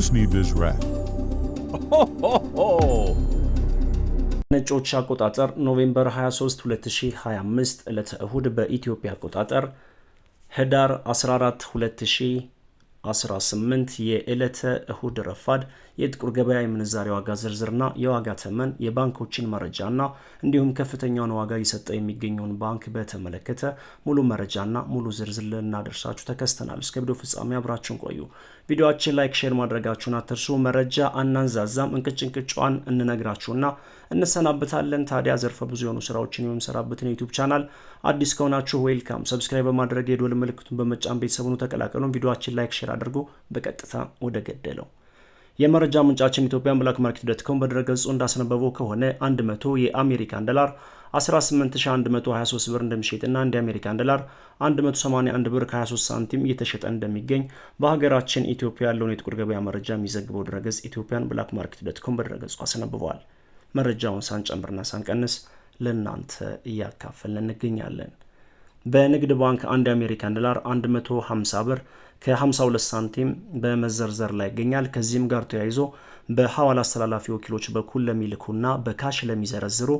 just need this ነጮች አቆጣጠር ኖቬምበር 23 2025 ዕለተ እሁድ በኢትዮጵያ አቆጣጠር ህዳር 14 2018 የዕለተ እሁድ ረፋድ የጥቁር ገበያ የምንዛሬ ዋጋ ዝርዝርና የዋጋ ተመን የባንኮችን መረጃና እንዲሁም ከፍተኛውን ዋጋ እየሰጠ የሚገኘውን ባንክ በተመለከተ ሙሉ መረጃና ሙሉ ዝርዝር ልናደርሳችሁ ተከስተናል። እስከ ቪዲዮ ፍጻሜ አብራችሁን ቆዩ። ቪዲዮችን ላይክ፣ ሼር ማድረጋችሁን አትርሱ። መረጃ አናንዛዛም፣ እንቅጭ እንቅጫዋን እንነግራችሁና እንሰናብታለን። ታዲያ ዘርፈ ብዙ የሆኑ ስራዎችን የምንሰራበትን ዩቲዩብ ቻናል አዲስ ከሆናችሁ ዌልካም፣ ሰብስክራይብ በማድረግ የዶል ምልክቱን በመጫን ቤተሰቡን ተቀላቀሉን። ቪዲዮችን ላይክ፣ ሼር አድርጎ በቀጥታ ወደ ገደለው የመረጃ ምንጫችን ኢትዮጵያን ብላክ ማርኬት ዶት ኮም በድረገጹ እንዳስነበበው ከሆነ 100 የአሜሪካን ዶላር 18123 ብር እንደሚሸጥና እንደ አሜሪካን ዶላር 181 ብር ከ23 ሳንቲም እየተሸጠ እንደሚገኝ በሀገራችን ኢትዮጵያ ያለውን የጥቁር ገበያ መረጃ የሚዘግበው ድረገጽ ኢትዮጵያን ብላክ ማርኬት ዶት ኮም በድረገጹ አስነብበዋል። መረጃውን ሳንጨምርና ሳንቀንስ ለእናንተ እያካፈልን እንገኛለን። በንግድ ባንክ አንድ የአሜሪካን ዶላር 150 ብር ከ52 ሳንቲም በመዘርዘር ላይ ይገኛል። ከዚህም ጋር ተያይዞ በሐዋላ አስተላላፊ ወኪሎች በኩል ለሚልኩና በካሽ ለሚዘረዝሩ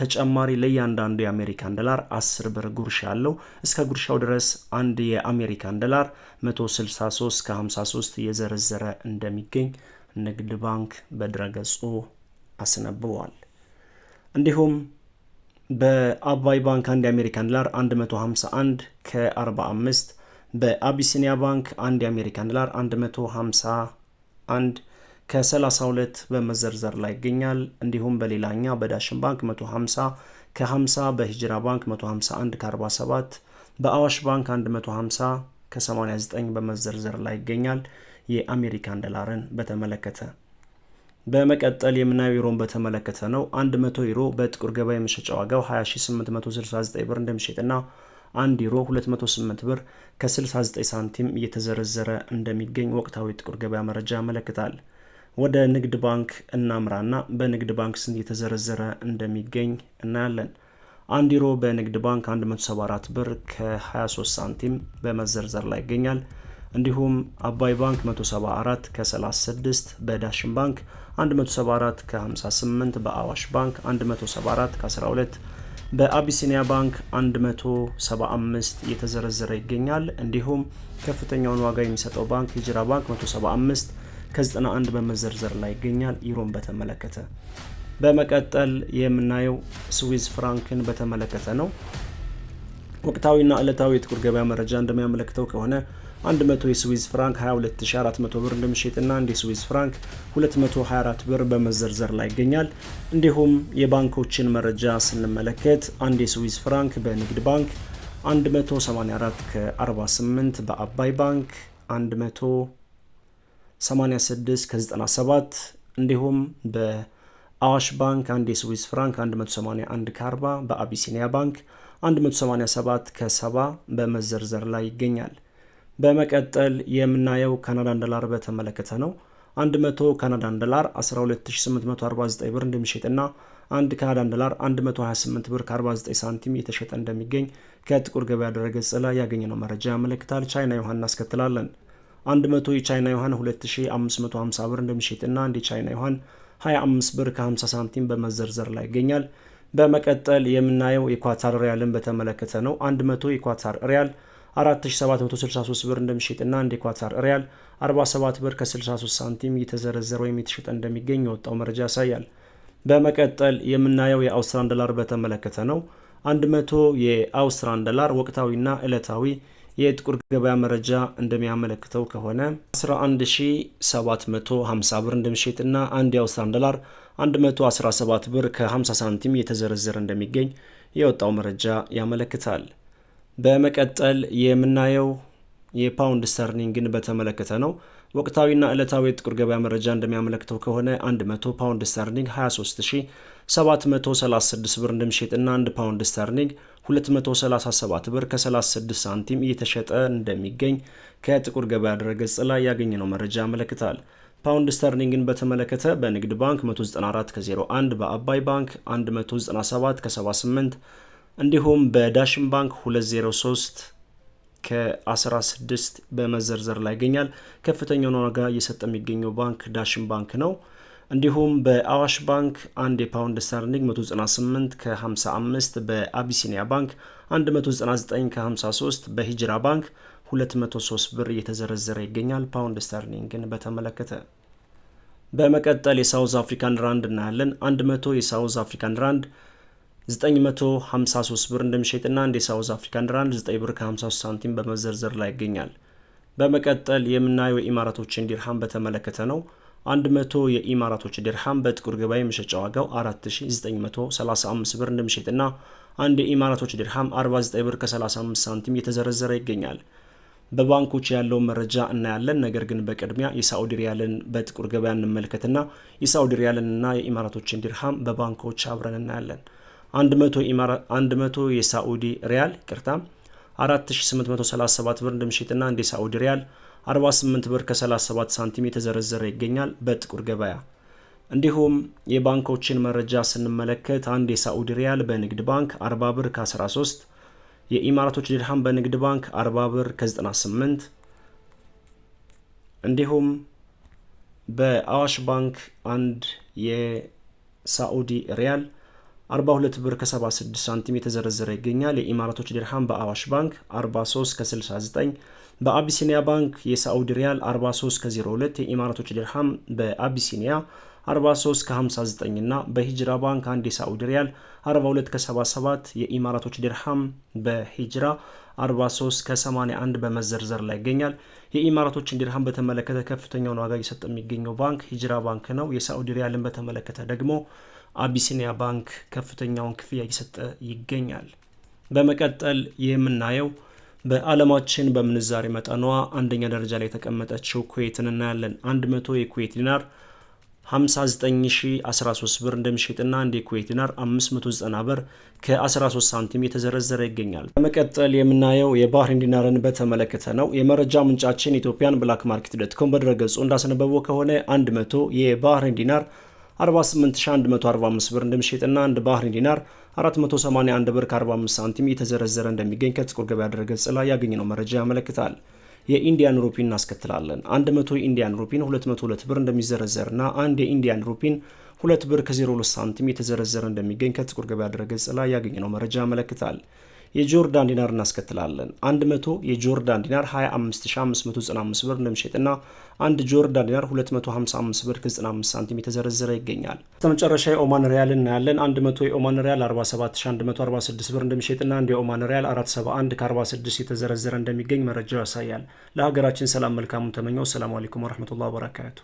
ተጨማሪ ለእያንዳንዱ የአሜሪካን ዶላር 10 ብር ጉርሻ አለው። እስከ ጉርሻው ድረስ አንድ የአሜሪካን ዶላር 163 ከ53 እየዘረዘረ እንደሚገኝ ንግድ ባንክ በድረገጹ አስነብቧል። እንዲሁም በአባይ ባንክ አንድ የአሜሪካን ዶላር 151 ከ45 በአቢሲኒያ ባንክ አንድ የአሜሪካን ዶላር 151 ከ32 በመዘርዘር ላይ ይገኛል። እንዲሁም በሌላኛ በዳሽን ባንክ 150 ከ50 በሂጅራ ባንክ 151 ከ47 በአዋሽ ባንክ 150 ከ89 በመዘርዘር ላይ ይገኛል። የአሜሪካን ዶላርን በተመለከተ በመቀጠል የምናየው ዩሮን በተመለከተ ነው። 100 ዩሮ በጥቁር ገበያ የመሸጫ ዋጋው 20869 ብር እንደሚሸጥና 1 ዩሮ 208 ብር ከ69 ሳንቲም እየተዘረዘረ እንደሚገኝ ወቅታዊ ጥቁር ገበያ መረጃ ያመለክታል። ወደ ንግድ ባንክ እናምራና በንግድ ባንክ ስንት እየተዘረዘረ እንደሚገኝ እናያለን። 1 ዩሮ በንግድ ባንክ 174 ብር ከ23 ሳንቲም በመዘርዘር ላይ ይገኛል። እንዲሁም አባይ ባንክ 174 ከ36 በዳሽን ባንክ 174 ከ58 በአዋሽ ባንክ 174 ከ12 በአቢሲኒያ ባንክ 175 እየተዘረዘረ ይገኛል። እንዲሁም ከፍተኛውን ዋጋ የሚሰጠው ባንክ ሂጅራ ባንክ 175 ከ91 በመዘርዘር ላይ ይገኛል። ሮን በተመለከተ በመቀጠል የምናየው ስዊዝ ፍራንክን በተመለከተ ነው። ወቅታዊና ዕለታዊ የጥቁር ገበያ መረጃ እንደሚያመለክተው ከሆነ 100 የስዊዝ ፍራንክ 22400 ብር እንደሚሸጥና አንድ የስዊዝ ፍራንክ 224 ብር በመዘርዘር ላይ ይገኛል። እንዲሁም የባንኮችን መረጃ ስንመለከት አንድ የስዊዝ ፍራንክ በንግድ ባንክ 184 ከ48 በአባይ ባንክ 186 ከ97 እንዲሁም በአዋሽ ባንክ አንድ የስዊዝ ፍራንክ 181 ከ40 በአቢሲኒያ ባንክ 187 ከ70 በመዘርዘር ላይ ይገኛል። በመቀጠል የምናየው ካናዳን ዶላር በተመለከተ ነው። 100 ካናዳን ዶላር 12849 ብር እንደሚሸጥና አንድ ካናዳን ዶላር 128 ብር ከ49 ሳንቲም የተሸጠ እንደሚገኝ ከጥቁር ገበያ ድረገጽ ላይ ያገኘነው መረጃ ያመለክታል። ቻይና ዮሐን እናስከትላለን። 100 የቻይና ዮሐን 2550 ብር እንደሚሸጥና አንድ የቻይና ዮሐን 25 ብር ከ50 ሳንቲም በመዘርዘር ላይ ይገኛል። በመቀጠል የምናየው የኳታር ሪያልን በተመለከተ ነው። 100 የኳታር ሪያል 4763 ብር እንደሚሸጥና አንድ የኳታር ሪያል 47 ብር ከ63 ሳንቲም እየተዘረዘረ ወይም የተሸጠ እንደሚገኝ የወጣው መረጃ ያሳያል። በመቀጠል የምናየው የአውስትራን ዶላር በተመለከተ ነው። 100 የአውስትራን ዶላር ወቅታዊና ዕለታዊ የጥቁር ገበያ መረጃ እንደሚያመለክተው ከሆነ 11750 ብር እንደሚሸጥና አንድ የአውስትራን ዶላር 117 ብር ከ50 ሳንቲም እየተዘረዘረ እንደሚገኝ የወጣው መረጃ ያመለክታል። በመቀጠል የምናየው የፓውንድ ስተርሊንግን በተመለከተ ነው። ወቅታዊና ዕለታዊ የጥቁር ገበያ መረጃ እንደሚያመለክተው ከሆነ 100 ፓውንድ ስተርሊንግ 23736 ብር እንደሚሸጥና 1 ፓውንድ ስተርሊንግ 237 ብር ከ36 ሳንቲም እየተሸጠ እንደሚገኝ ከጥቁር ገበያ ድረገጽ ላይ ያገኘነው መረጃ ያመለክታል። ፓውንድ ስተርሊንግን በተመለከተ በንግድ ባንክ 194 ከ01 በአባይ ባንክ 197 ከ78 እንዲሁም በዳሽን ባንክ 203 ከ16 በመዘርዘር ላይ ይገኛል። ከፍተኛውን ዋጋ እየሰጠ የሚገኘው ባንክ ዳሽን ባንክ ነው። እንዲሁም በአዋሽ ባንክ አንድ የፓውንድ ስተርሊንግ 198 ከ55 በአቢሲኒያ ባንክ 199 ከ53 በሂጅራ ባንክ 203 ብር እየተዘረዘረ ይገኛል። ፓውንድ ስተርሊንግን በተመለከተ በመቀጠል የሳውዝ አፍሪካን ራንድ እናያለን። 100 የሳውዝ አፍሪካን ራንድ 953 ብር እንደሚሸጥና እንደ ሳውዝ አፍሪካን ድራንድ 9 ብር ከ53 ሳንቲም በመዘርዘር ላይ ይገኛል። በመቀጠል የምናየው የኢማራቶችን ዲርሃም በተመለከተ ነው። 100 የኢማራቶች ዲርሃም በጥቁር ገበያ የመሸጫ ዋጋው 4935 ብር እንደሚሸጥና አንድ የኢማራቶች ዲርሃም 49 ብር ከ35 ሳንቲም እየተዘረዘረ ይገኛል። በባንኮች ያለውን መረጃ እናያለን። ነገር ግን በቅድሚያ የሳዑዲ ሪያልን በጥቁር ገበያ እንመልከትና የሳዑዲ ሪያልንና የኢማራቶችን ዲርሃም በባንኮች አብረን እናያለን። 100 የሳዑዲ ሪያል ቅርታ 4837 ብር እንደምሽጥና አንድ የሳዑዲ ሪያል 48 ብር ከ37 ሳንቲም የተዘረዘረ ይገኛል በጥቁር ገበያ። እንዲሁም የባንኮችን መረጃ ስንመለከት አንድ የሳዑዲ ሪያል በንግድ ባንክ 40 ብር ከ13፣ የኢማራቶች ድርሃም በንግድ ባንክ 40 ብር ከ98፣ እንዲሁም በአዋሽ ባንክ አንድ የሳዑዲ ሪያል 42 ብር ከ76 ሳንቲም የተዘረዘረ ይገኛል። የኢማራቶች ድርሃም በአዋሽ ባንክ 43 ከ69፣ በአቢሲኒያ ባንክ የሳዑዲ ሪያል 43 ከ02፣ የኢማራቶች ድርሃም በአቢሲኒያ 43 ከ59 እና በሂጅራ ባንክ አንድ የሳዑዲ ሪያል 42 ከ77 የኢማራቶች ድርሃም በሂጅራ 43 ከ81 በመዘርዘር ላይ ይገኛል። የኢማራቶችን ድርሃም በተመለከተ ከፍተኛውን ዋጋ እየሰጠ የሚገኘው ባንክ ሂጅራ ባንክ ነው። የሳዑዲ ሪያልን በተመለከተ ደግሞ አቢሲኒያ ባንክ ከፍተኛውን ክፍያ እየሰጠ ይገኛል። በመቀጠል የምናየው በዓለማችን በምንዛሬ መጠኗ አንደኛ ደረጃ ላይ የተቀመጠችው ኩዌትን እናያለን። 100 የኩዌት ዲናር 59013 ብር እንደሚሸጥና አንድ የኩዌት ዲናር 590 ብር ከ13 ሳንቲም የተዘረዘረ ይገኛል። በመቀጠል የምናየው የባህሬን ዲናርን በተመለከተ ነው። የመረጃ ምንጫችን ኢትዮጵያን ብላክ ማርኬት ዶት ኮም በድረገጹ እንዳስነበበው ከሆነ 100 የባህሬን ዲናር 48145 ብር እንደሚሸጥና አንድ ባህሬን ዲናር 481 ብር ከ45 ሳንቲም እየተዘረዘረ እንደሚገኝ ከጥቁር ገበያ ገጽ ላይ ያገኘነው መረጃ ያመለክታል። የኢንዲያን ሩፒን እናስከትላለን። 100 ኢንዲያን ሩፒን 202 ብር እንደሚዘረዘርና አንድ የኢንዲያን ሩፒን 2 ብር ከ02 ሳንቲም የተዘረዘረ እንደሚገኝ ከጥቁር ገበያ ገጽ ላይ ያገኘነው መረጃ ያመለክታል። የጆርዳን ዲናር እናስከትላለን። 100 የጆርዳን ዲናር 25595 ብር እንደሚሸጥና አንድ ጆርዳን ዲናር 255 ብር ከ95 ሳንቲም የተዘረዘረ ይገኛል። በመጨረሻ የኦማን ሪያል እናያለን። 100 የኦማን ሪያል 47146 ብር እንደሚሸጥና አንድ የኦማን ሪያል 471 ከ46 የተዘረዘረ እንደሚገኝ መረጃው ያሳያል። ለሀገራችን ሰላም መልካሙን ተመኘው። ሰላም አለይኩም ወረህመቱላህ ወበረካቱ